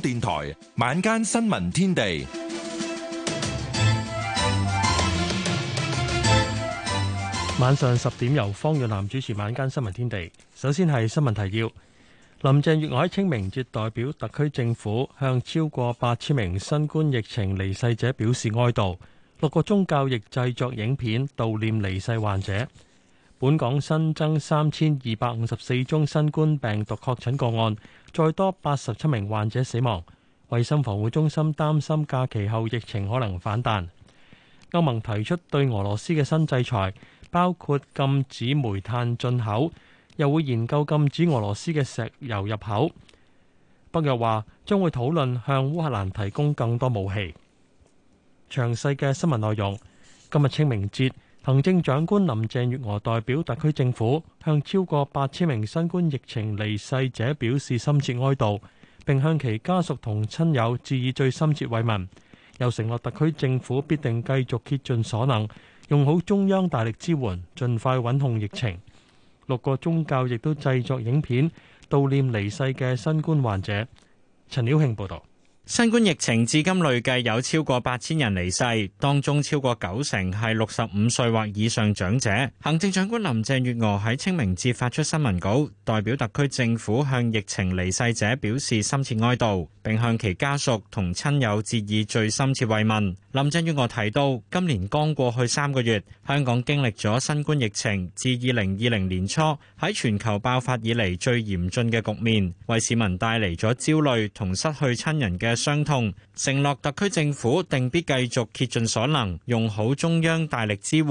電台晚間新聞天地，晚上十點由方若男主持晚間新聞天地。首先係新聞提要：林鄭月娥喺清明節代表特區政府向超過八千名新冠疫情離世者表示哀悼。六個宗教亦製作影片悼念離世患者。本港新增三千二百五十四宗新冠病毒確診個案。再多八十七名患者死亡，衛生防護中心擔心假期後疫情可能反彈。歐盟提出對俄羅斯嘅新制裁，包括禁止煤炭進口，又會研究禁止俄羅斯嘅石油入口。北約話將會討論向烏克蘭提供更多武器。詳細嘅新聞內容，今日清明節。行政長官林鄭月娥代表特區政府向超過八千名新冠疫情離世者表示深切哀悼，並向其家屬同親友致以最深切慰問。又承諾特區政府必定繼續竭盡所能，用好中央大力支援，盡快穩控疫情。六個宗教亦都製作影片悼念離世嘅新冠患者。陳曉慶報道。新冠疫情至今累計有超過八千人離世，當中超過九成係六十五歲或以上長者。行政長官林鄭月娥喺清明節發出新聞稿，代表特區政府向疫情離世者表示深切哀悼，並向其家屬同親友致以最深切慰問。林鄭月娥提到，今年剛過去三個月，香港經歷咗新冠疫情自二零二零年初喺全球爆發以嚟最嚴峻嘅局面，為市民帶嚟咗焦慮同失去親人嘅傷痛，承諾特區政府定必繼續竭盡所能，用好中央大力支援，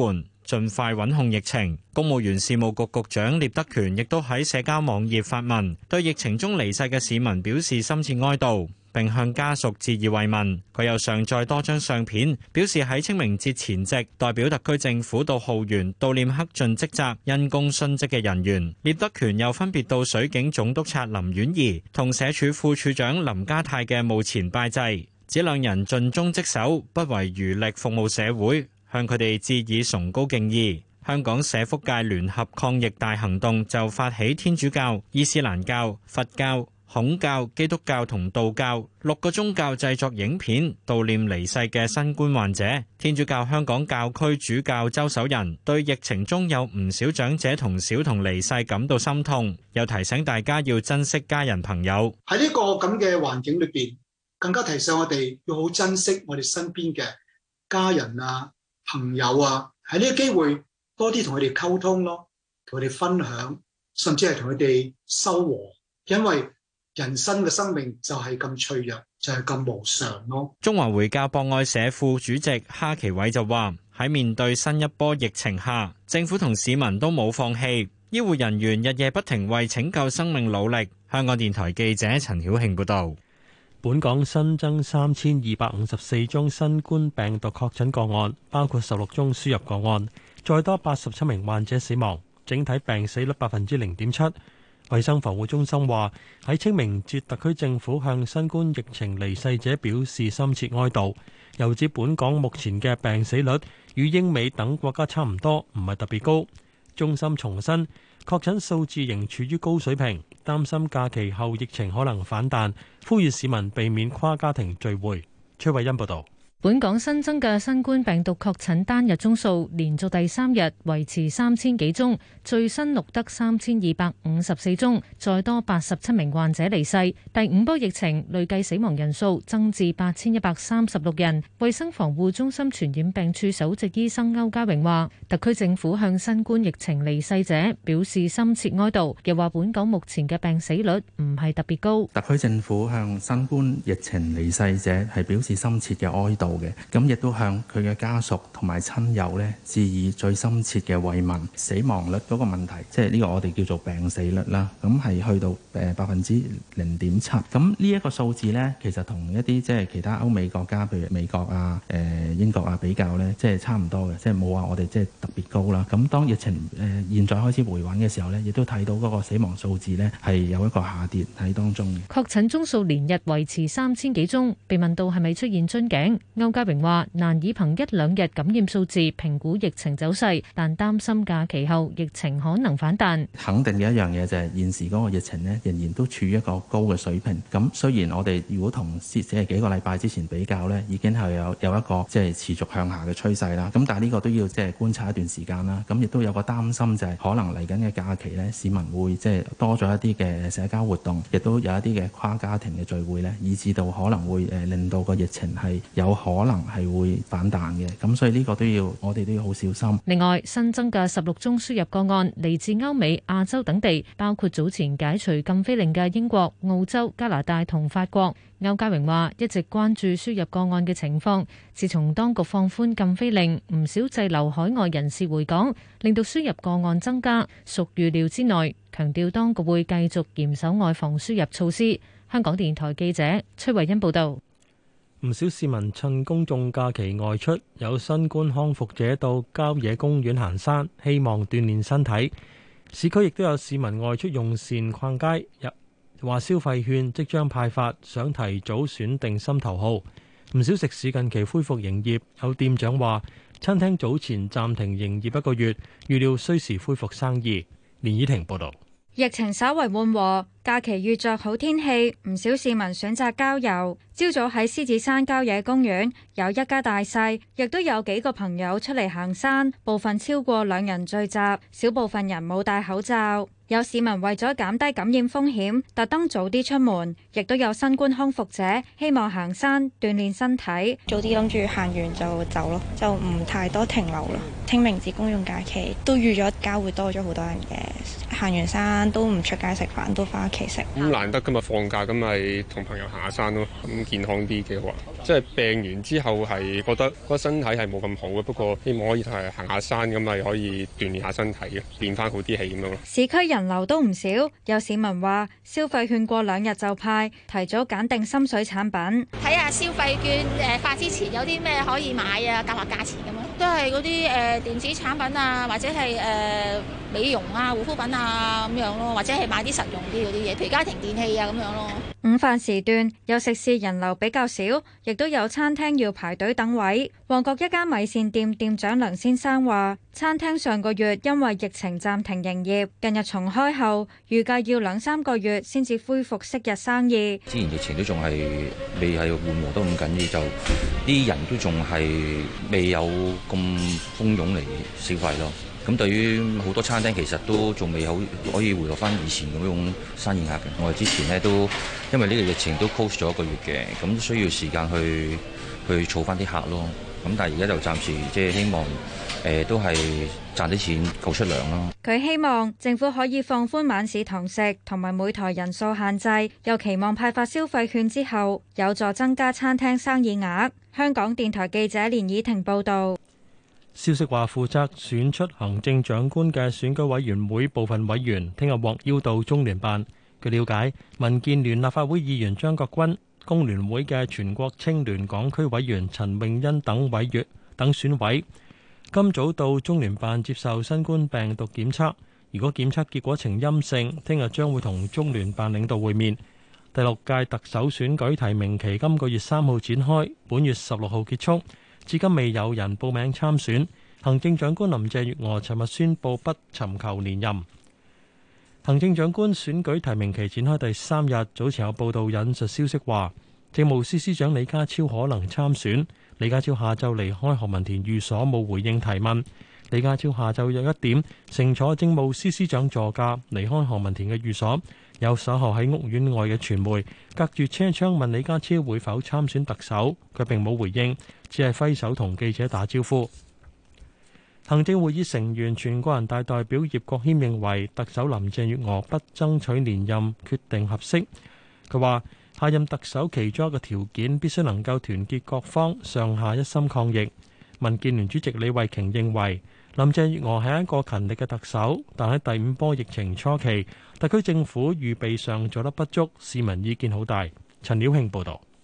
盡快穩控疫情。公務員事務局局，局長聶德權亦都喺社交網頁發文，對疫情中離世嘅市民表示深切哀悼。並向家屬致以慰問，佢又上載多張相片，表示喺清明節前夕，代表特區政府到浩園悼念克盡職責、因公殉職嘅人員。聶德權又分別到水警總督察林婉儀同社署副署長林家泰嘅墓前拜祭，指兩人盡忠職守，不為餘力服務社會，向佢哋致以崇高敬意。香港社福界聯合抗疫大行動就發起天主教、伊斯蘭教、佛教、孔教、基督教同道教六個宗教製作影片悼念離世嘅新冠患者。天主教香港教區主教周守仁對疫情中有唔少長者同小童離世感到心痛，又提醒大家要珍惜家人朋友。喺呢個咁嘅環境裏邊，更加提醒我哋要好珍惜我哋身邊嘅家人啊、朋友啊。喺呢個機會多啲同佢哋溝通咯，同佢哋分享，甚至係同佢哋修和，因為人生嘅生命就係咁脆弱，就係咁無常咯。中華回教博愛社副主席哈奇偉就話：喺面對新一波疫情下，政府同市民都冇放棄，醫護人員日夜不停為拯救生命努力。香港電台記者陳曉慶報道：本港新增三千二百五十四宗新冠病毒確診個案，包括十六宗輸入個案，再多八十七名患者死亡，整體病死率百分之零點七。衛生防護中心話喺清明節，特區政府向新冠疫情離世者表示深切哀悼。又指本港目前嘅病死率與英美等國家差唔多，唔係特別高。中心重申確診數字仍處於高水平，擔心假期後疫情可能反彈，呼籲市民避免跨家庭聚會。崔慧欣報道。本港新增嘅新冠病毒確診單日宗數連續第三日維持三千幾宗，最新錄得三千二百五十四宗，再多八十七名患者離世。第五波疫情累計死亡人數增至八千一百三十六人。衛生防護中心傳染病處首席醫生歐家榮話，特區政府向新冠疫情離世者表示深切哀悼。又話本港目前嘅病死率唔係特別高。特區政府向新冠疫情離世者係表示深切嘅哀悼。咁亦都向佢嘅家屬同埋親友呢致以最深切嘅慰問。死亡率嗰個問題，即係呢個我哋叫做病死率啦，咁係去到誒百分之零點七。咁呢一個數字呢，其實同一啲即係其他歐美國家，譬如美國啊、誒英國啊比較呢，即係差唔多嘅，即係冇話我哋即係特別高啦。咁當疫情誒現在開始回穩嘅時候呢，亦都睇到嗰個死亡數字呢，係有一個下跌喺當中嘅。確診宗數連日維持三千幾宗，被問到係咪出現樽頸？歐家榮話：難以憑一兩日感染數字評估疫情走勢，但擔心假期後疫情可能反彈。肯定嘅一樣嘢就係、是、現時嗰個疫情咧，仍然都處於一個高嘅水平。咁雖然我哋如果同即係幾個禮拜之前比較呢，已經係有有一個即係持續向下嘅趨勢啦。咁但係呢個都要即係觀察一段時間啦。咁亦都有個擔心就係、是、可能嚟緊嘅假期呢，市民會即係多咗一啲嘅社交活動，亦都有一啲嘅跨家庭嘅聚會呢，以至到可能會誒令到個疫情係有。可能係會反彈嘅，咁所以呢個都要我哋都要好小心。另外新增嘅十六宗輸入個案嚟自歐美、亞洲等地，包括早前解除禁飛令嘅英國、澳洲、加拿大同法國，歐家榮話一直關注輸入個案嘅情況，自從當局放寬禁飛令，唔少滯留海外人士回港，令到輸入個案增加，屬預料之內，強調當局會繼續嚴守外防輸入措施。香港電台記者崔慧欣報道。唔少市民趁公眾假期外出，有新冠康復者到郊野公園行山，希望鍛煉身體。市區亦都有市民外出用膳、逛街，入話消費券即將派發，想提早選定心頭好。唔少食肆近期恢復營業，有店長話餐廳早前暫停營業一個月，預料需時恢復生意。連綺婷報道。疫情稍為緩和，假期遇着好天氣，唔少市民選擇郊遊。朝早喺獅子山郊野公園，有一家大細，亦都有幾個朋友出嚟行山，部分超過兩人聚集，少部分人冇戴口罩。有市民為咗減低感染風險，特登早啲出門，亦都有新冠康復者希望行山鍛煉身體，早啲諗住行完就走咯，就唔太多停留啦。清明節公眾假期都預咗，交會多咗好多人嘅。行完山都唔出街食飯，都翻屋企食。咁難得今日放假，咁咪同朋友行下山咯，咁健康啲嘅話，即係病完之後係覺得個身體係冇咁好嘅，不過希望可以係行下山，咁咪可以鍛煉下身體，變翻好啲氣咁樣咯。市區人流都唔少，有市民話消費券過兩日就派，提早揀定心水產品。睇下消費券誒發之前有啲咩可以買啊，夾下價錢咁樣。都係嗰啲誒電子產品啊，或者係誒、呃、美容啊、護膚品啊。啊咁樣咯，或者係買啲實用啲嗰啲嘢，譬如家庭電器啊咁樣咯。午飯時段有食肆人流比較少，亦都有餐廳要排隊等位。旺角一間米線店店長梁先生話，餐廳上個月因為疫情暫停營業，近日重開後，預計要兩三個月先至恢復昔日生意。之前疫情都仲係未係緩和得咁緊要，就啲人都仲係未有咁蜂擁嚟消費咯。咁對於好多餐廳，其實都仲未好可以回落翻以前嗰種生意額嘅。我哋之前呢，都因為呢個疫情都 post 咗一個月嘅，咁需要時間去去儲翻啲客咯。咁但係而家就暫時即係希望誒都係賺啲錢夠出糧咯。佢希望政府可以放寬晚市堂食同埋每台人數限制，又期望派發消費券之後有助增加餐廳生意額。香港電台記者連以婷報導。消息話，負責選出行政長官嘅選舉委員會部分委員，聽日獲邀到中聯辦。據瞭解，民建聯立法會議員張國軍、工聯會嘅全國青聯港區委員陳穎欣等委員等選委，今早到中聯辦接受新冠病毒檢測。如果檢測結果呈陰性，聽日將會同中聯辦領導會面。第六屆特首選舉提名期今個月三號展開，本月十六號結束。至今未有人報名參選。行政長官林鄭月娥尋日宣布不尋求連任。行政長官選舉提名期展開第三日，早前有報道引述消息話，政務司司長李家超可能參選。李家超下晝離開何文田寓所，冇回應提問。李家超下晝約一點，乘坐政務司司長座駕離開何文田嘅寓所。有守候喺屋苑外嘅傳媒隔住車窗問李家超會否參選特首，佢並冇回應，只係揮手同記者打招呼。行政會議成員、全國人大代表葉國謙認為，特首林鄭月娥不爭取連任決定合適。佢話：下任特首其中一個條件必須能夠團結各方，上下一心抗疫。民建聯主席李慧瓊認為。林鄭月娥係一個勤力嘅特首，但喺第五波疫情初期，特區政府預備上做得不足，市民意見好大。陳曉慶報導。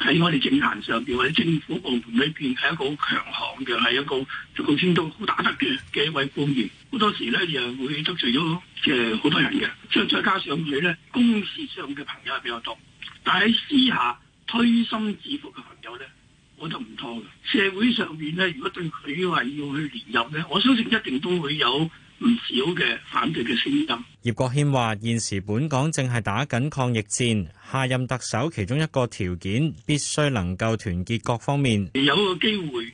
喺我哋政壇上邊或者政府部門裏邊係一個好強悍嘅，係一個好精通、好打得嘅一位官員。好多時咧又會得罪咗即係好多人嘅。再再加上佢咧，公事上嘅朋友係比較多，但係私下推心置腹嘅朋友咧，我覺得唔多嘅。社會上邊咧，如果對佢話要去連任咧，我相信一定都會有。唔少嘅反對嘅聲音。葉國謙話，現時本港正係打緊抗疫戰，下任特首其中一個條件必須能夠團結各方面，有個機會誒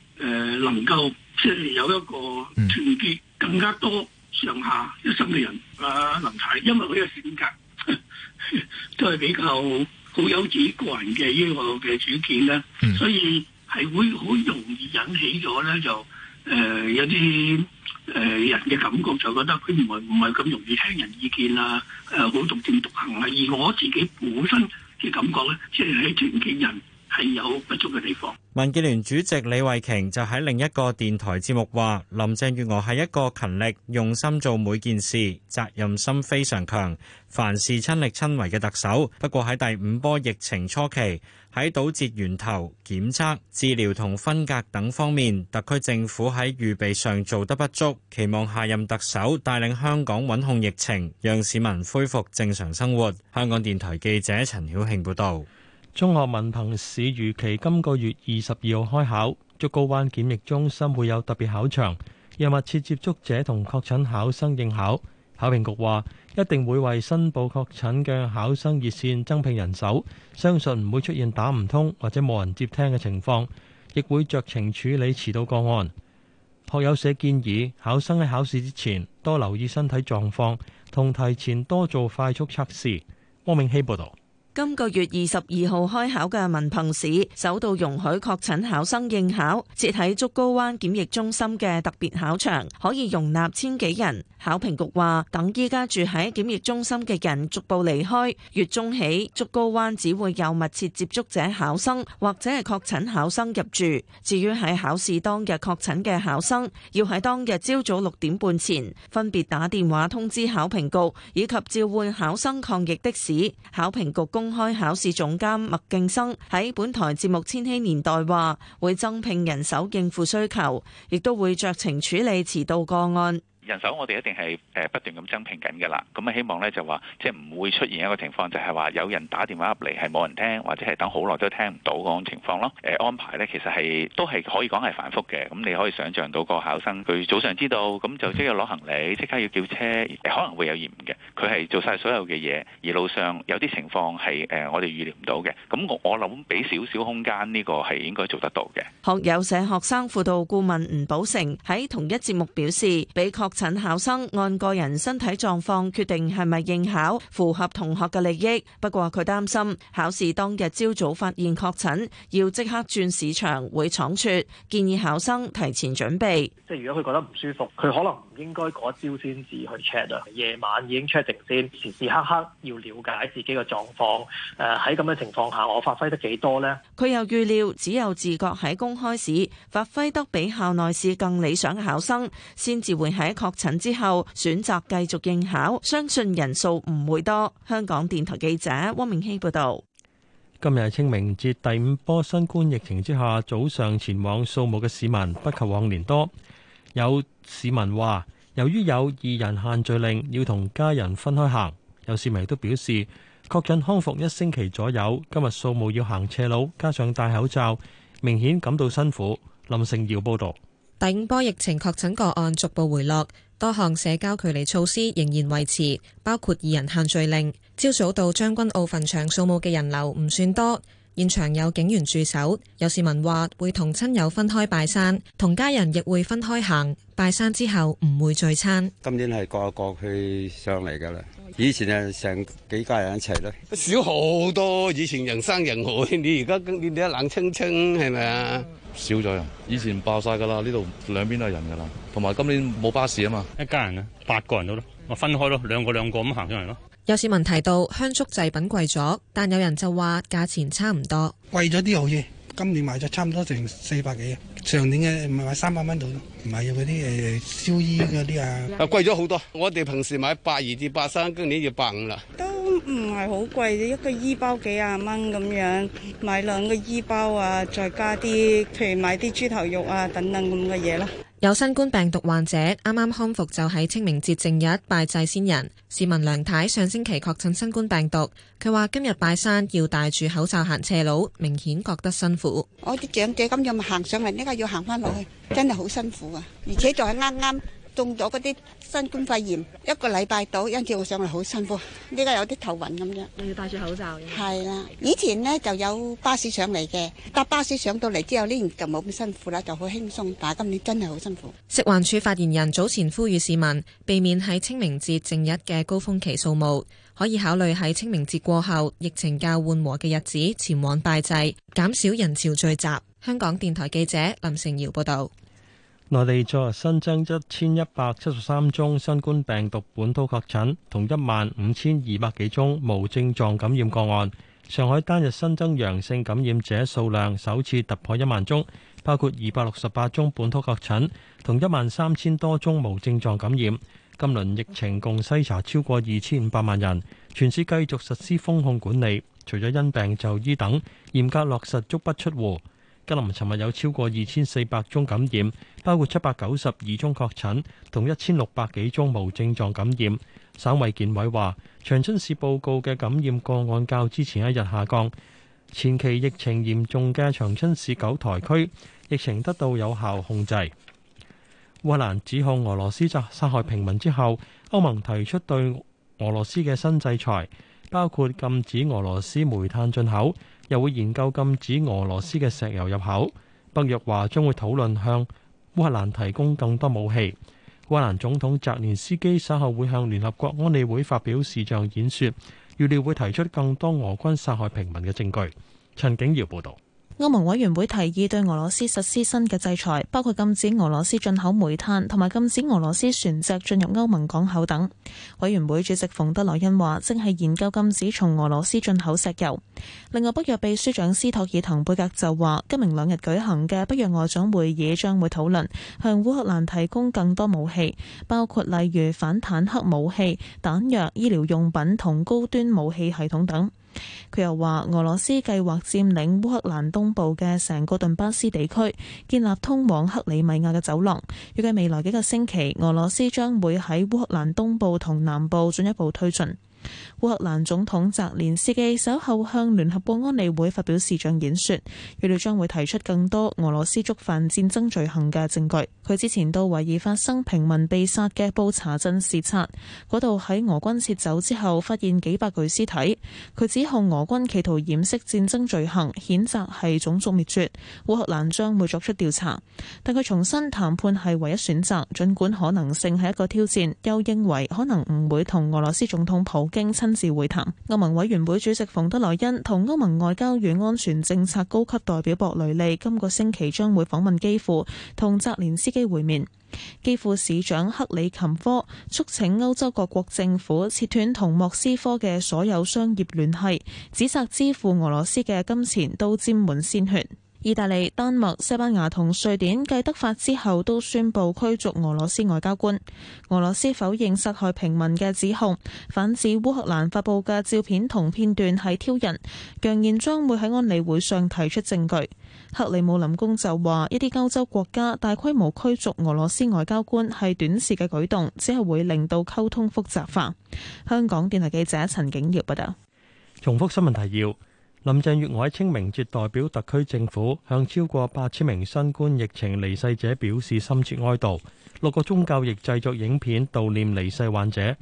能夠即係有一個團，呃呃、結，更加多上下一心嘅人啊林太，因為佢嘅性格呵呵都係比較好有自己個人嘅呢個嘅主見咧，嗯、所以係會好容易引起咗咧就。誒、呃、有啲誒、呃、人嘅感覺就覺得佢唔係唔係咁容易聽人意見啊，誒好獨斷獨行啊，而我自己本身嘅感覺咧，即係喺團結人。係有不足嘅地方。民建聯主席李慧瓊就喺另一個電台節目話林鄭月娥係一個勤力、用心做每件事、責任心非常強，凡事親力親為嘅特首。不過喺第五波疫情初期，喺堵截源頭、檢測、治療同分隔等方面，特區政府喺預備上做得不足。期望下任特首帶領香港穩控疫情，讓市民恢復正常生活。香港電台記者陳曉慶報道。中學文憑試預期今個月二十二號開考，竹篙灣檢疫中心會有特別考場，又密切接觸者同確診考生應考。考評局話，一定會為申報確診嘅考生熱線增聘人手，相信唔會出現打唔通或者冇人接聽嘅情況，亦會酌情處理遲到個案。學友社建議考生喺考試之前多留意身體狀況，同提前多做快速測試。汪明希報道。今個月二十二號開考嘅文憑試，首度容許確診考生應考，設喺竹篙灣檢疫中心嘅特別考場，可以容納千幾人。考評局話，等依家住喺檢疫中心嘅人逐步離開，月中起竹篙灣只會有密切接觸者考生或者係確診考生入住。至於喺考試當日確診嘅考生，要喺當日朝早六點半前分別打電話通知考評局，以及召喚考生抗疫的士。考評局公公開考試總監麥敬生喺本台節目《千禧年代》話，會增聘人手應付需求，亦都會酌情處理遲到個案。人手我哋一定係誒不斷咁增聘緊噶啦，咁啊希望咧就話即係唔會出現一個情況，就係話有人打電話入嚟係冇人聽，或者係等好耐都聽唔到嗰種情況咯。誒安排咧其實係都係可以講係繁複嘅。咁你可以想象到個考生佢早上知道，咁就即刻攞行李，即刻要叫車，可能會有延誤嘅。佢係做晒所有嘅嘢，而路上有啲情況係誒我哋預料唔到嘅。咁我我諗俾少少空間呢個係應該做得到嘅。學友社學生輔導顧問吳寶成喺同一節目表示，俾確診考生按個人身體狀況決定係咪應考，符合同學嘅利益。不過佢擔心考試當日朝早發現確診，要即刻轉市場會倉促，建議考生提前準備。即係如果佢覺得唔舒服，佢可能唔應該嗰一朝先至去 check 啊。夜晚已經 check 定先，時時刻刻要了解自己嘅狀況。誒喺咁嘅情況下，我發揮得幾多呢？佢又預料只有自覺喺公開試發揮得比校內試更理想嘅考生，先至會喺。確診之後選擇繼續應考，相信人數唔會多。香港電台記者汪明熙報道：今日清明節第五波新冠疫情之下，早上前往掃墓嘅市民不及往年多。有市民話，由於有二人限聚令，要同家人分開行。有市民亦都表示，確診康復一星期左右，今日掃墓要行斜路，加上戴口罩，明顯感到辛苦。林成堯報道。第五波疫情確診個案逐步回落，多項社交距離措施仍然維持，包括二人限聚令。朝早到將軍澳墳場掃墓嘅人流唔算多，現場有警員駐守。有市民話會同親友分開拜山，同家人亦會分開行，拜山之後唔會聚餐。今年係個個去上嚟㗎喇，以前啊，成幾家人一齊咯，少好多。以前人山人海，你而家咁你一冷清清係咪啊？少咗人，以前爆晒噶啦，呢度兩邊都係人噶啦，同埋今年冇巴士啊嘛，一家人啊，八個人到咯，我分開咯，兩個兩個咁行上嚟咯。有市民提到香燭祭品貴咗，但有人就話價錢差唔多，貴咗啲好嘢。今年買咗差唔多成四百幾嘅，上年嘅買三百蚊度，唔係有嗰啲誒燒衣嗰啲啊，貴咗好多。我哋平時買八二至八三，今年要百五啦。唔係好貴啫，一個衣包幾十蚊咁樣，買兩個衣包啊，再加啲，譬如買啲豬頭肉啊等等咁嘅嘢啦。有新冠病毒患者啱啱康復就喺清明節正日拜祭先人。市民梁太上星期確診新冠病毒，佢話今日拜山要戴住口罩行斜路，明顯覺得辛苦。我啲長者咁樣行上嚟，依家要行翻落去，真係好辛苦啊！而且仲係啱啱。中咗嗰啲新冠肺炎一個禮拜到，因此我上嚟好辛苦。呢家有啲頭暈咁樣，我要戴住口罩嘅。係啦，以前呢就有巴士上嚟嘅，搭巴士上到嚟之後呢，就冇咁辛苦啦，就好輕鬆。但係今年真係好辛苦。食環署發言人早前呼籲市民避免喺清明節正日嘅高峰期掃墓，可以考慮喺清明節過後疫情較緩和嘅日子前往拜祭，減少人潮聚集。香港電台記者林成瑤報道。內地昨日新增一千一百七十三宗新冠病毒本土確診，同一萬五千二百幾宗無症狀感染個案。上海單日新增陽性感染者數量首次突破一萬宗，包括二百六十八宗本土確診，同一萬三千多宗無症狀感染。今輪疫情共篩查超過二千五百萬人，全市繼續實施封控管理，除咗因病就醫等，嚴格落實足不出戶。吉林尋日有超過二千四百宗感染，包括七百九十二宗確診同一千六百幾宗無症狀感染。省衞健委話，長春市報告嘅感染個案較之前一日下降。前期疫情嚴重嘅長春市九台區疫情得到有效控制。烏克蘭指控俄羅斯殺殺害平民之後，歐盟提出對俄羅斯嘅新制裁，包括禁止俄羅斯煤炭進口。又會研究禁止俄羅斯嘅石油入口。北約話將會討論向烏克蘭提供更多武器。烏克蘭總統澤連斯基稍後會向聯合國安理會發表視像演說，預料會提出更多俄軍殺害平民嘅證據。陳景耀報道。歐盟委員會提議對俄羅斯實施新嘅制裁，包括禁止俄羅斯進口煤炭同埋禁止俄羅斯船隻進入歐盟港口等。委員會主席馮德萊恩話：正係研究禁止從俄羅斯進口石油。另外，北約秘書長斯托爾滕貝格就話：今明兩日舉行嘅北約外長會議將會討論向烏克蘭提供更多武器，包括例如反坦克武器、彈藥、醫療用品同高端武器系統等。佢又話：俄羅斯計劃佔領烏克蘭東部嘅成個頓巴斯地區，建立通往克里米亞嘅走廊。預計未來幾個星期，俄羅斯將會喺烏克蘭東部同南部進一步推進。烏克蘭總統澤連斯基稍後向聯合國安理會發表視像演說，預料將會提出更多俄羅斯觸犯戰爭罪行嘅證據。佢之前到懷疑發生平民被殺嘅布查鎮視察，嗰度喺俄軍撤走之後發現幾百具屍體。佢指控俄軍企圖掩飾戰爭罪行，譴責係種族滅絕。烏克蘭將會作出調查，但佢重新談判係唯一選擇，盡管可能性係一個挑戰。又認為可能唔會同俄羅斯總統普經親自會談。歐盟委員會主席馮德萊恩同歐盟外交與安全政策高級代表博雷利今個星期將會訪問基輔，同澤連斯基會面。基輔市長克里琴科促請歐洲各國政府切斷同莫斯科嘅所有商業聯繫，指責支付俄羅斯嘅金錢都沾滿鮮血。意大利、丹麥、西班牙同瑞典繼德法之後，都宣布驅逐俄羅斯外交官。俄羅斯否認殺害平民嘅指控，反指烏克蘭發布嘅照片同片段係挑釁，揚言將會喺安理會上提出證據。克里姆林宮就話：一啲歐洲國家大規模驅逐俄，俄羅斯外交官係短視嘅舉動，只係會令到溝通複雜化。香港電台記者陳景耀報道。重複新聞提要。林鄭月娥喺清明節代表特區政府向超過八千名新冠疫情離世者表示深切哀悼。六個宗教亦製作影片悼念離世患者。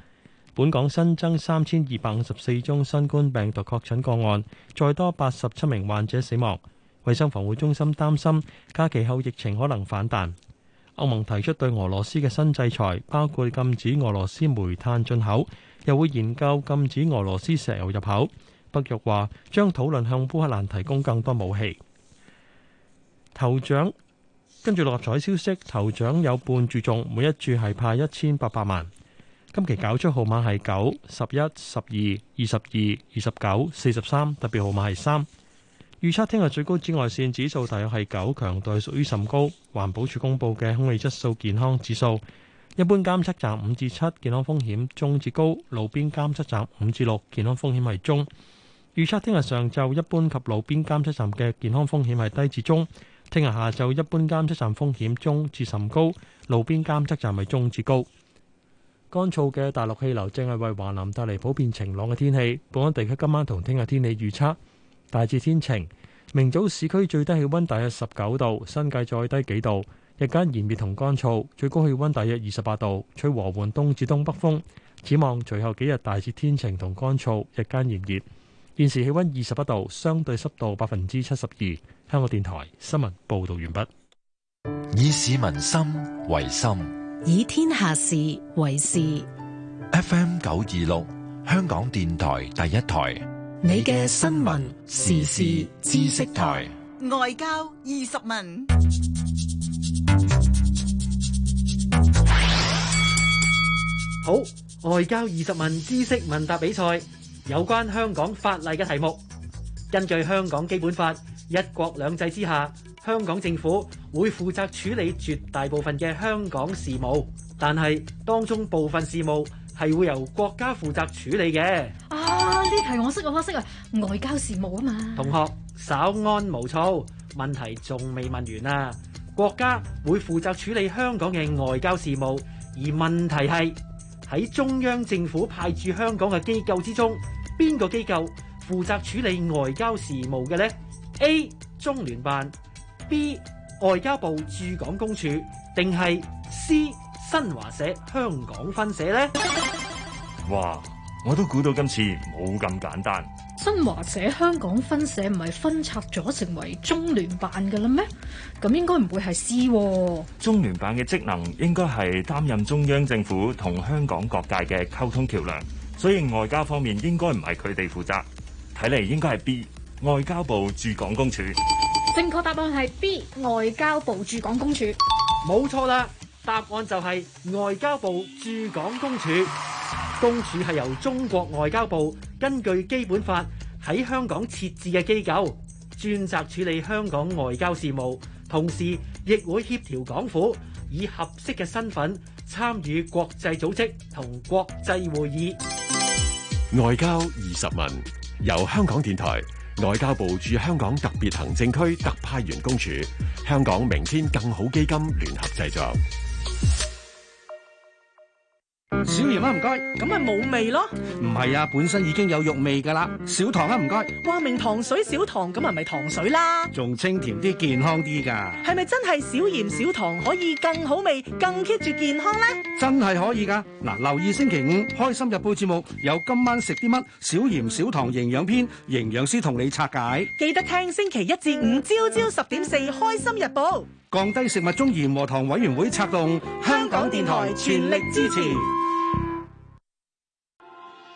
本港新增三千二百五十四宗新冠病毒確診個案，再多八十七名患者死亡。衛生防護中心擔心假期後疫情可能反彈。歐盟提出對俄羅斯嘅新制裁，包括禁止俄羅斯煤炭進口，又會研究禁止俄羅斯石油入口。北約話將討論向烏克蘭提供更多武器。頭獎跟住六合彩消息，頭獎有半注中，每一注係派一千八百萬。今期搞出號碼係九、十一、十二、二十二、二十九、四十三，特別號碼係三。預測聽日最高紫外線指數大約係九，強度係屬於甚高。環保署公布嘅空氣質素健康指數，一般監測站五至七，7，健康風險中至高；路邊監測站五至六，6，健康風險係中。預測聽日上晝一般及路邊監測站嘅健康風險係低至中。聽日下晝一般監測站風險中至甚高，路邊監測站係中至高。乾燥嘅大陸氣流正係為華南帶嚟普遍晴朗嘅天氣。本港地區今晚同聽日天氣預測大致天晴，明早市區最低氣溫大約十九度，新界再低幾度。日間炎熱同乾燥，最高氣溫大約二十八度，吹和緩東至東北風。展望隨後幾日大致天晴同乾燥，日間炎熱。現時氣温二十一度，相對濕度百分之七十二。香港電台新聞報道完畢。以市民心為心，以天下事為事。F M 九二六，香港電台第一台。你嘅新聞時事知識台，外交二十問。好，外交二十問知識問答比賽。有關香港法例嘅題目，根據香港基本法一國兩制之下，香港政府會負責處理絕大部分嘅香港事務，但係當中部分事務係會由國家負責處理嘅。啊，呢題我識我乜識啊，外交事務啊嘛。同學稍安無躁，問題仲未問完啊。國家會負責處理香港嘅外交事務，而問題係喺中央政府派駐香港嘅機構之中。邊個機構負責處理外交事務嘅呢？A 中聯辦，B 外交部駐港公署，定係 C 新華社香港分社呢？哇！我都估到今次冇咁簡單。新華社香港分社唔係分拆咗成為中聯辦㗎啦咩？咁應該唔會係 C 喎。中聯辦嘅職能應該係擔任中央政府同香港各界嘅溝通橋樑。所以外交方面應該唔係佢哋負責，睇嚟應該，係 B 外交部駐港公署。正確答案係 B 外交部駐港公署，冇錯啦，答案就係外交部駐港公署。公署係由中國外交部根據基本法喺香港設置嘅機構，專責處理香港外交事務，同時亦會協調港府以合適嘅身份。參與國際組織同國際會議，外交二十問由香港電台、外交部駐香港特別行政區特派員公署、香港明天更好基金聯合製作。少鹽啦，唔該啊。咁咪冇味咯？唔係啊，本身已經有肉味噶啦。少糖啦啊，唔該。話明糖水少糖，咁啊咪糖水啦。仲清甜啲，健康啲噶。係咪真係少鹽少糖可以更好味，更 keep 住健康呢？真係可以噶。嗱，留意星期五開心日報節目，有今晚食啲乜？少鹽少糖營養篇，營養師同你拆解。記得聽星期一至五朝朝十點四開心日報。降低食物中鹽和糖委員會策動，香港電台全力支持。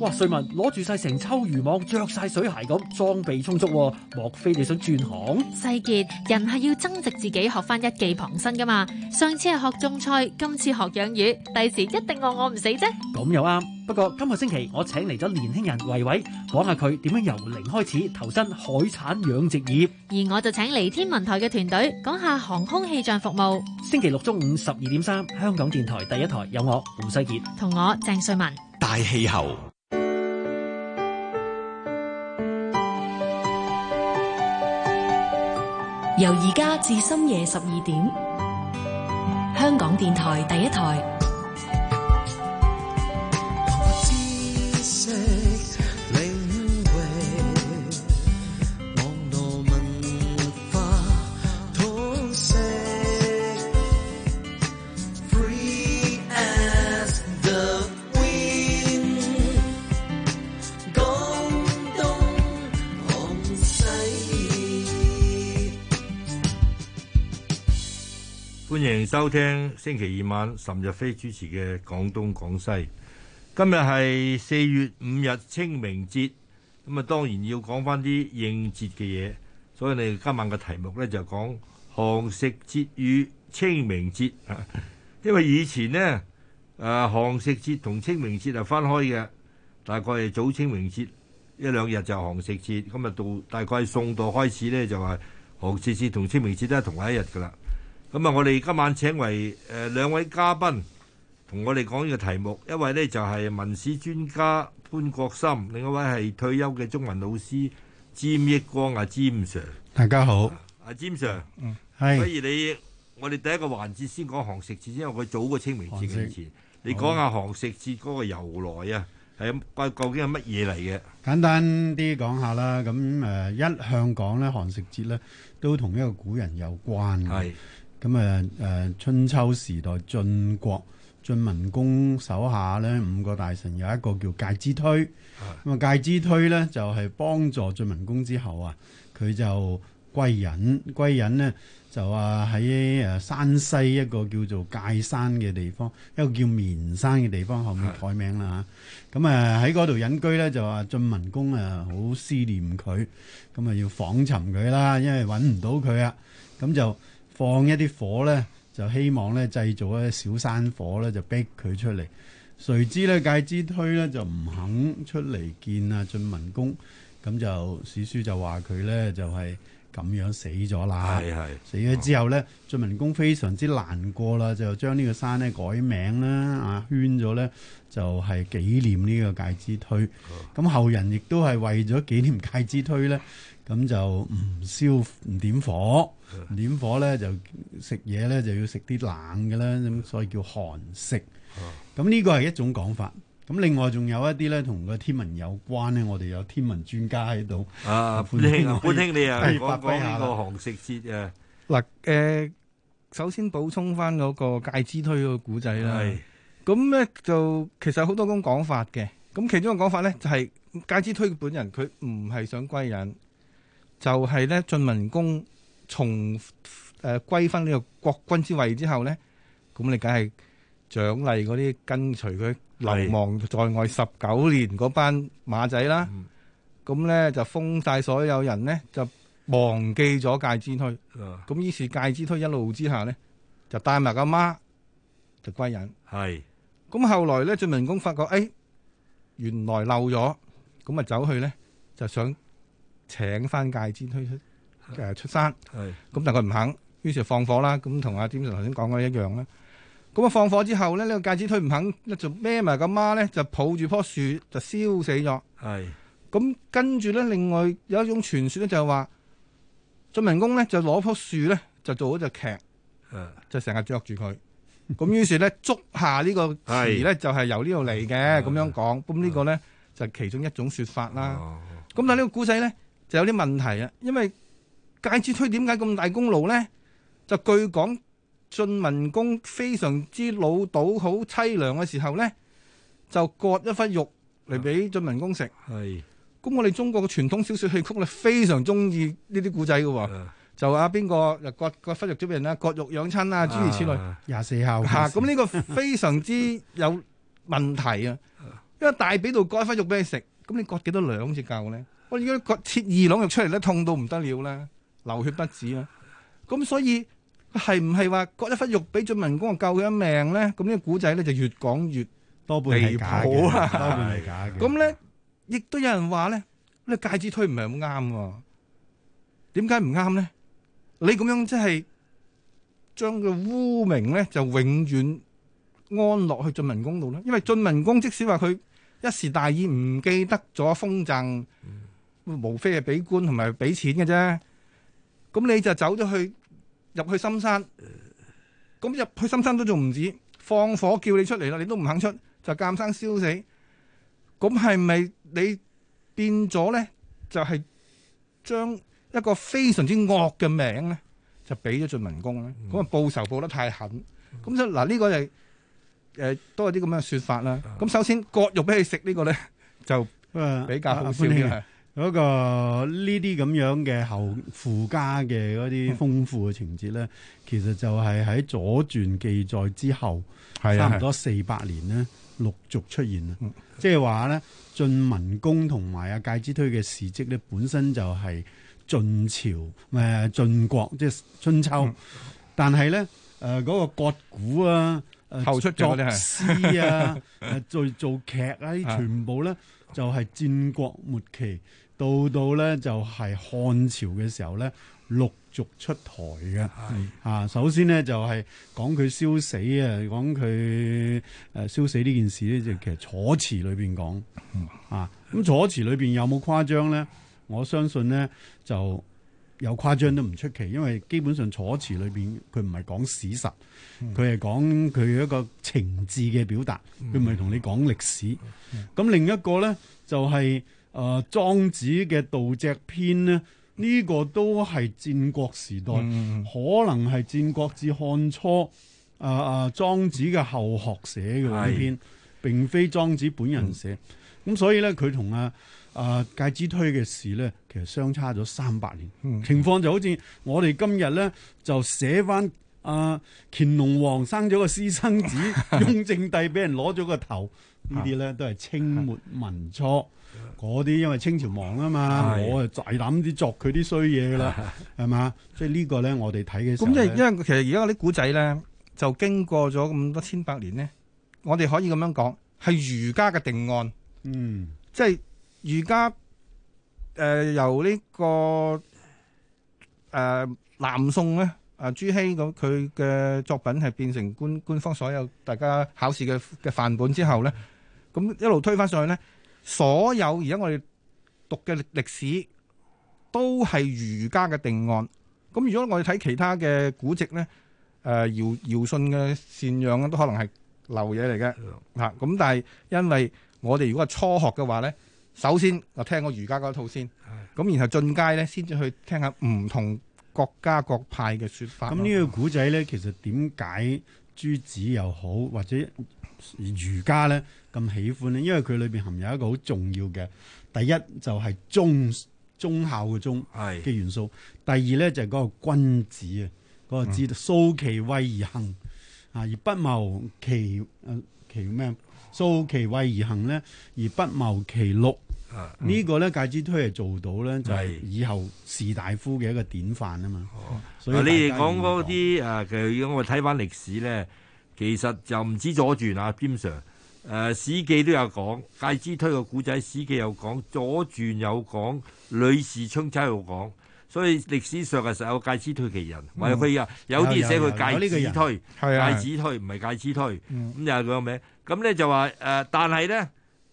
哇！瑞文攞住晒成秋漁網，着晒水鞋咁，裝備充足啊。莫非你想轉行？世杰，人係要增值自己，學翻一技傍身噶嘛。上次係學種菜，今次學養魚，第時一定餓我唔死啫。咁又啱。不過今個星期我請嚟咗年輕人維偉，講下佢點樣由零開始投身海產養殖業。而我就請嚟天文台嘅團隊講下航空氣象服務。星期六中午十二點三，3，香港電台第一台有我胡世杰同我鄭瑞文大氣候。由而家至深夜十二點，香港電台第一台。歡迎收聽星期二晚岑日飛主持嘅廣東廣西。今日係四月五日清明節，咁啊當然要講翻啲應節嘅嘢，所以你今晚嘅題目呢，就講寒食節與清明節。因為以前呢，誒寒食節同清明節係分開嘅，大概係早清明節一兩日就寒食節，今日到大概宋代開始呢，就話寒食節同清明節都係同一日噶啦。咁啊！我哋今晚請為誒兩、呃、位嘉賓同我哋講呢個題目，一位呢就係、是、文史專家潘國森，另一位係退休嘅中文老師詹益光啊，詹 Sir。大家好，阿詹、啊、Sir，係、嗯。不如你，我哋第一個環節先講寒食節，因為佢早過清明節嘅以前。韓式你講下寒食節嗰個由來啊，係的究竟係乜嘢嚟嘅？簡單啲講下啦，咁誒、呃、一向講咧寒食節咧都同一個古人有關嘅。咁啊，誒、嗯、春秋時代進，晉國晉文公手下咧五個大臣，有一個叫介之推。咁的、就是、啊，介之推咧就係幫助晉文公之後啊，佢就歸隱。歸隱呢就話喺誒山西一個叫做介山嘅地方，一個叫綿山嘅地方，後面改名啦嚇。咁的啊喺嗰度隱居咧，就話晉文公啊好思念佢，咁啊要訪尋佢啦，因為揾唔到佢啊，咁就。放一啲火咧，就希望咧製造一啲小山火咧，就逼佢出嚟。誰知咧介之推咧就唔肯出嚟見啊，晉文公。咁就史書就話佢咧就係咁樣死咗啦。係係是。死咗之後咧，晉、哦、文公非常之難過啦，就將呢個山咧改名啦，啊圈咗咧就係、是、紀念呢個介之推。咁、哦、後人亦都係為咗紀念介之推咧。咁就唔燒唔點火，點火咧就食嘢咧就要食啲冷嘅啦。咁所以叫寒食。咁呢個係一種講法。咁另外仲有一啲咧同個天文有關咧，我哋有天文專家喺度啊。潘兄，啊，潘兄，兄你又講講下呢個寒食節啊？嗱，誒，首先補充翻嗰個介之推個古仔啦。咁咧係就其實好多種講法嘅。咁其中個講法咧就係介之推本人佢唔係想歸隱，就係咧，晉文公從誒歸翻呢個國君之位之後咧，咁你梗係獎勵嗰啲跟隨佢流亡在外十九年嗰班馬仔啦。咁咧就封曬所有人咧，就忘記咗介之推。咁於是介之推一路之下咧，就帶埋個阿媽就歸隱。係。咁後來咧，晉文公發覺誒原來漏咗，咁啊走去咧就想。請翻戒指推出誒出山，咁但佢唔肯，於是放火啦。咁同阿添頭先講嘅一樣啦。咁啊放火之後咧，呢個戒指推唔肯，一就孭埋個媽咧，就抱住棵樹就燒死咗。係是。咁跟住咧，另外有一種傳說咧，就係話，晉文公咧就攞棵樹咧就做咗隻屐，就成日著住佢。咁於是咧足下呢個詞咧就係由呢度嚟嘅，咁樣講。咁呢是個咧就係其中一種説法啦。咁但係呢個故事咧。就有啲問題啊，因為介子推點解咁大功勞咧？就據講，晉文公非常之老到好淒涼嘅時候咧，就割一忽肉嚟俾晉文公食。係、啊，咁我哋中國嘅傳統小説戲曲咧，非常中意呢啲古仔嘅喎。啊、就話邊個割割忽肉咗俾人啦，割肉養親啊，諸如此類。廿、啊、四孝嚇，咁呢、啊、個非常之有問題啊！ 因為大髀度割一忽肉俾你食，咁你割幾多兩至夠咧？我而家割切二兩肉出嚟咧，痛到唔得了咧，流血不止啊！咁所以係唔係話割一忽肉俾晉文公救佢一命咧？咁呢個古仔咧就越講越多離譜啊！咁咧普 亦都有人話咧，呢個介子推唔係咁啱，點解唔啱咧？你咁樣即係將個污名咧就永遠安落去晉文公度啦，因為晉文公即使話佢一時大意唔記得咗封贈。嗯無非係俾官同埋俾錢嘅啫，咁你就走咗去入去深山，咁入去深山都仲唔止放火叫你出嚟啦，你都唔肯出，就監生燒死，咁係咪你變咗咧？就係將一個非常之惡嘅名咧，就俾咗晉文公咧，咁啊報仇報得太狠，咁即係嗱呢個就係誒都有啲咁嘅說法啦。咁首先割肉俾佢食呢個咧，就比較好笑啲係。嗰個呢啲咁樣嘅後附加嘅嗰啲豐富嘅情節咧，其實就係喺《左傳》記載之後，差唔多四百年咧，陸續出現啦。即係話咧，晉文公同埋啊介之推嘅事蹟咧，本身就係晉朝誒晉國，即、就、係、是、春秋。嗯、但係咧，誒嗰個割股啊、投出作詩啊、再 做劇啊，啲全部咧就係戰國末期。到到咧就係漢朝嘅時候咧陸續出台嘅。啊首先咧就係講佢燒死啊，講佢誒燒死呢件事咧就其實《楚辭》裏邊講，啊咁《楚辭》裏邊有冇誇張咧？我相信咧就有誇張都唔出奇，因為基本上楚《楚辭》裏邊佢唔係講史實，佢係講佢一個情志嘅表達，佢唔係同你講歷史。咁另一個咧就係、是。啊，莊、呃、子嘅《盜跖篇》呢，呢、這個都係戰國時代，嗯、可能係戰國至漢初啊啊莊子嘅後學寫嘅呢篇，哎、並非莊子本人寫。咁、嗯、所以咧，佢同啊啊介之推嘅事咧，其實相差咗三百年。嗯、情況就好似我哋今日咧就寫翻啊、呃、乾隆皇生咗個私生子，雍正帝俾人攞咗個頭。 呢啲咧都係清末民初嗰啲，啊、因為清朝亡啊嘛，是我就膽啊大膽啲作佢啲衰嘢㗎啦，係嘛？即係呢個咧，我哋睇嘅咁即係，因為其實而家啲古仔咧，就經過咗咁多千百年咧，我哋可以咁樣講，係儒家嘅定案，嗯，即係儒家誒、呃、由呢、這個誒、呃、南宋咧誒、啊、朱熹咁佢嘅作品係變成官官方所有大家考試嘅嘅範本之後咧。咁一路推翻上去咧，所有而家我哋讀嘅歷史都係儒家嘅定案。咁如果我哋睇其他嘅古籍咧，誒、呃、堯堯舜嘅禪讓都可能係漏嘢嚟嘅。嚇、嗯！咁、嗯、但係因為我哋如果係初學嘅話咧，首先我聽個儒家嗰套先。咁、嗯、然後進階咧，先至去聽下唔同國家各派嘅説法。咁、嗯、呢個古仔咧，嗯、其實點解諸子又好或者？儒家咧，咁喜歡呢，因為佢裏邊含有一個好重要嘅，第一就係忠忠孝嘅忠嘅元素，的第二咧，就係嗰個君子啊，嗰個知道「素其位而行啊，而不謀其誒、呃、其咩，素其位而行咧，而不謀其祿。嗯、個呢個咧，介子推係做到咧，的就係以後士大夫嘅一個典範啊嘛。好所以你哋講嗰啲誒、嗯、其實如果我睇翻歷史咧。其實就唔止左傳啊 Jim Sir 誒、呃《史記》都有講《介之推》個古仔，《史記有》有講左傳有，有講呂氏春秋又講，所以歷史上係實有《介之推》其人，唔係虛呀。有啲寫佢介子推，介子推唔係介之推，咁就係個名。咁咧就話誒，但係咧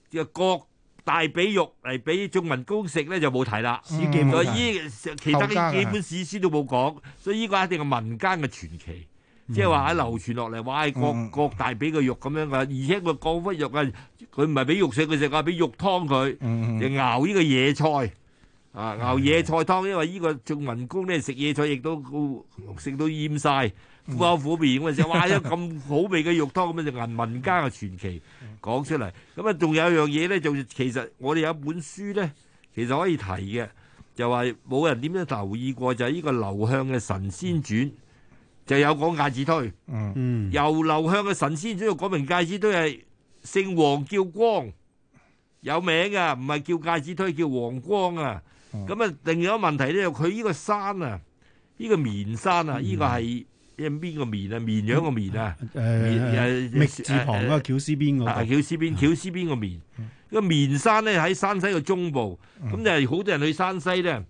就各大髀肉嚟俾晉文公食咧就冇提啦，嗯《史記》冇提。所以、嗯、其他幾本史書都冇講，的所以呢個一定係民間嘅傳奇。即係話喺流傳落嚟，哇！各、嗯、各大髀嘅肉咁樣噶，而且個降福肉啊，佢唔係俾肉食佢食啊，俾肉湯佢，嗯、就熬呢個野菜，嗯、啊熬野菜湯，因為呢、這個做民工咧食野菜，亦都食到厭晒，苦口苦面咁啊！哇，咗咁好味嘅肉湯，咁就銀民間嘅傳奇講出嚟。咁啊，仲有一樣嘢咧，就其實我哋有一本書咧，其實可以提嘅，就話冇人點樣留意過，就係、是、呢個流向嘅神仙傳。嗯就有講戒指推，嗯，由劉向嘅神仙，主要嗰名戒指推係姓黃叫光，有名嘅，唔係叫戒指推，叫黃光啊。咁啊，另外一個問題咧，佢呢個山啊，呢個綿山啊，呢個係即係邊個綿啊？綿羊個綿啊？誒，誒，密字旁嗰個絞絲邊嗰度，絞絲邊絞絲邊個綿？個綿山咧喺山西嘅中部，咁就係好多人去山西咧，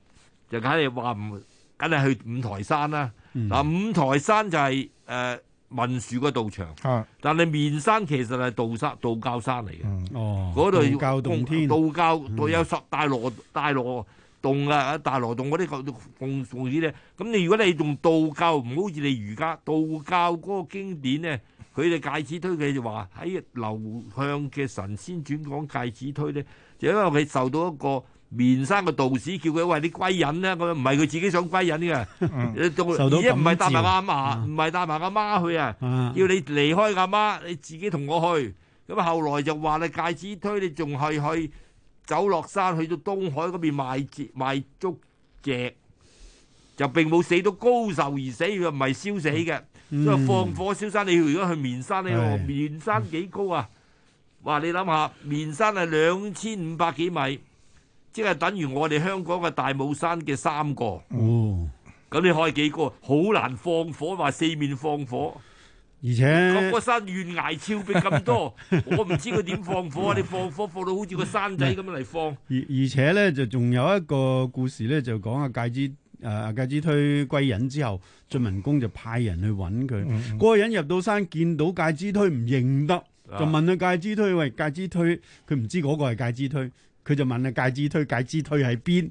就梗係話唔，梗係去五台山啦。嗱，嗯、五台山就係誒文殊嘅道場，啊、但係綿山其實係道山、道教山嚟嘅，嗯。哦，度裡教宗道教，嗯、道教道有大羅大羅洞啊，大羅洞嗰啲佛佛寺咧。咁你如果你用道教，唔好似你儒家，道教嗰個經典咧，佢哋介子推佢就話喺流向嘅神仙傳講介子推咧，就因為佢受到一個。綿山個道士叫佢，喂，你歸隱啦，咁唔係佢自己想歸隱嘅，而家唔係帶埋阿媽，唔係帶埋阿媽去啊，叫你離開阿媽，你自己同我去。咁後來就話你介之推，你仲係去走落山去到東海嗰邊賣字賣竹席，就並冇死到高壽而死，佢唔係燒死嘅，所以放火燒山。你如果去綿山呢度，綿山幾高啊？話你諗下，綿山係兩千五百幾米。即係等於我哋香港嘅大帽山嘅三個，哦，咁你開幾個好難放火，話四面放火，而且個個山懸崖峭壁咁多， 我唔知佢點放火啊！ 你放火放到好似個山仔咁樣嚟放。而而且咧就仲有一個故事咧，就講阿介之誒介子推歸隱之後，晉文公就派人去揾佢。嗰、嗯嗯、個人入到山見到介之推唔認得，就問佢介之推，喂介之推，佢唔知嗰個係介子推。佢就問阿介之推，介之推喺邊？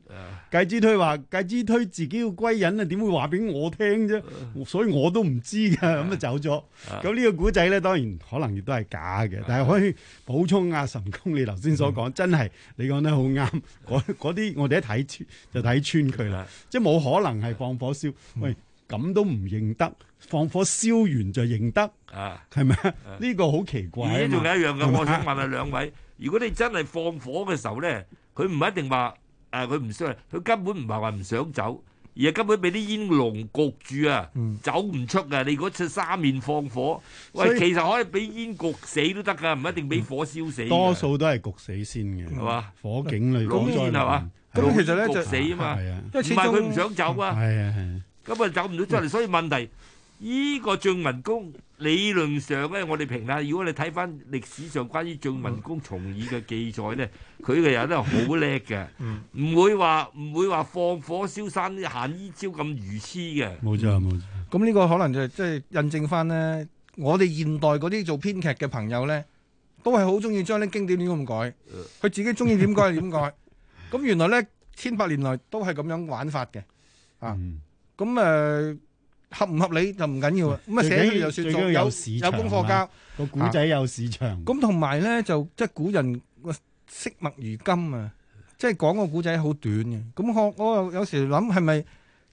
介之推話：介之推自己要歸隱啊，點會話俾我聽啫？所以我都唔知㗎，咁啊 re prom ise 走咗。咁呢個古仔咧，當然可能亦都係假嘅，但係可以補充阿、啊、神工，你頭先所講真係，你講得好啱。嗰啲我哋一睇就睇穿佢啦，即係冇可能係放火燒。喂，咁都唔認得，放火燒完就認得啊？係咪？呢個好奇怪。而且仲係一樣嘅，吧我想問下兩位。如果你真係放火嘅時候咧，佢唔一定話誒佢唔想，佢根本唔係話唔想走，而係根本俾啲煙籠焗住啊，走唔出啊！你嗰出三面放火，喂，其實可以俾煙焗死都得噶，唔一定俾火燒死。多數都係焗死先嘅，係嘛？火警嚟講，當然係嘛？咁其實咧就焗死啊嘛，因為始終佢唔想走啊。係啊係，咁啊走唔到出嚟，所以問題依個將民工。理論上咧，我哋評吓，如果你睇翻歷史上關於《晉文公重耳》嘅記載咧，佢嘅 人都係好叻嘅，唔 會話唔會話放火燒山呢閒衣招咁愚痴嘅。冇錯、嗯，冇錯。咁呢個可能就即、是、係、就是、印證翻咧，我哋現代嗰啲做編劇嘅朋友咧，都係好中意將啲經典亂咁改，佢自己中意點改就點改。咁、嗯、 原來咧千百年來都係咁樣玩法嘅，啊，咁誒、嗯。嗯嗯。合唔合理就唔緊要啊！咁啊寫佢又算數，有市場啊。有功課交，個古仔有市場。咁同埋咧，就即係古人惜墨如金啊！即係講個古仔好短嘅。咁我我又有時諗係咪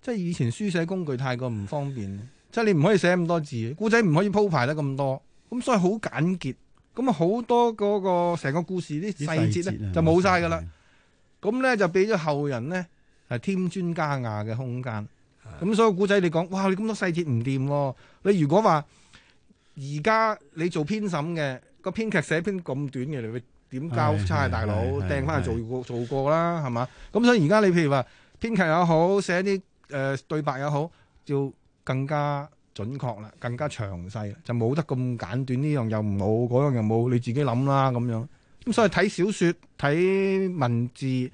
即係以前書寫工具太過唔方便，即係你唔可以寫咁多字，古仔唔可以鋪排得咁多，咁所以好簡潔。咁啊好多嗰個成個故事啲細節咧就冇曬㗎啦。咁咧就俾咗後人咧係添磚加瓦嘅空間。咁、嗯、所以古仔你講，哇！你咁多細節唔掂，你如果話而家你做編審嘅個編劇寫篇咁短嘅，你點交差啊大佬，掟翻去做過做過啦，係嘛？咁、嗯、所以而家你譬如話編劇又好，寫啲誒對白又好，要更加準確啦，更加詳細啦，就冇得咁簡短。呢樣又唔好，嗰樣又冇，你自己諗啦咁樣。咁、嗯、所以睇小說睇文字，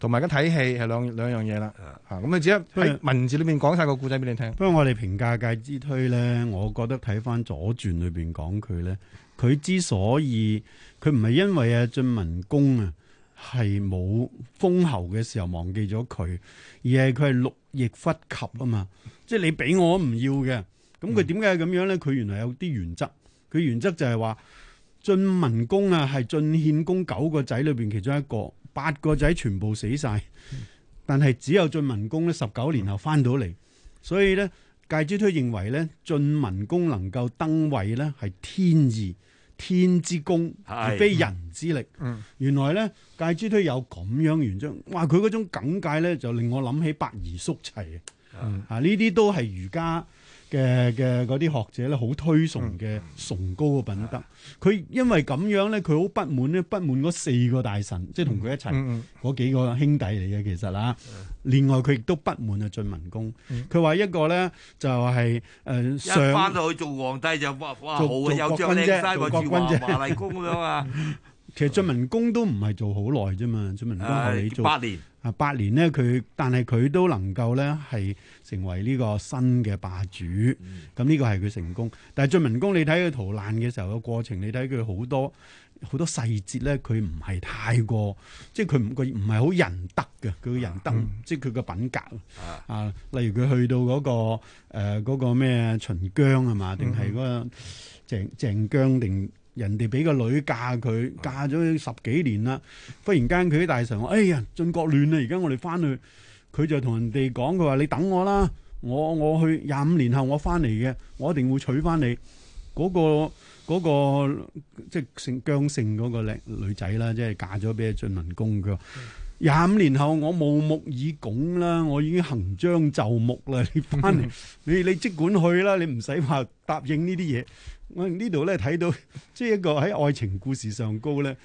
同埋而家睇戲係兩兩樣嘢啦，嚇咁你只不過文字裏面講晒個故仔俾你聽。不過如我哋評價介之推咧，我覺得睇翻左傳裏邊講佢咧，佢之所以佢唔係因為啊晉文公啊係冇封侯嘅時候忘記咗佢，而係佢係祿亦弗及啊嘛，即係你俾我都唔要嘅。咁佢點解咁樣咧？佢原來有啲原則，佢原則就係話晉文公啊係晉獻公九個仔裏邊其中一個。八個仔全部死晒，但係只有晉文公咧十九年後翻到嚟，所以咧介之推認為咧晉文公能夠登位咧，係天意天之功，而非人之力。嗯嗯、原來咧介之推有咁樣原章，哇！佢嗰種境界咧就令我諗起伯夷叔齊是、嗯、啊！呢啲都係儒家。嘅嘅嗰啲學者咧，好推崇嘅崇高嘅品德。佢、嗯、因為咁樣咧，佢好不滿咧，不滿嗰四個大臣，即係同佢一齊嗰、嗯、幾個兄弟嚟嘅其實啦。嗯、另外佢亦都不滿啊，晉文公。佢話、嗯、一個咧就係誒上翻到去做皇帝就話話好啊，又著靚衫，住華麗宮咁樣啊。 其實晉文公都唔係做好耐啫嘛，晉文公你做八年啊八年呢？佢，但係佢都能夠咧係成為呢個新嘅霸主，咁呢、嗯、個係佢成功。但係晉文公你睇佢逃難嘅時候嘅過程，你睇佢好多好多細節咧，佢唔係太過，即係佢佢唔係好仁德嘅，佢嘅仁德即係佢嘅品格、嗯、啊。例如佢去到嗰、個誒嗰、呃個咩秦姜係嘛，定係嗰個鄭鄭姜定？嗯呃人哋俾個女嫁佢，嫁咗十幾年啦。忽然間，佢啲大臣話：哎呀，晉國亂啦！而家我哋翻去，佢就同人哋講：佢話你等我啦，我我去廿五年後我翻嚟嘅，我一定會娶翻你。嗰個、嗰個即係成姜姓嗰個靚女仔啦，即係嫁咗俾晉文公。佢話：廿五、嗯、年後我冇目以拱啦，我已經行將就木啦。你翻嚟， 你你即管去啦，你唔使話答應呢啲嘢。我呢度咧睇到，即係一個喺愛情故事上高咧。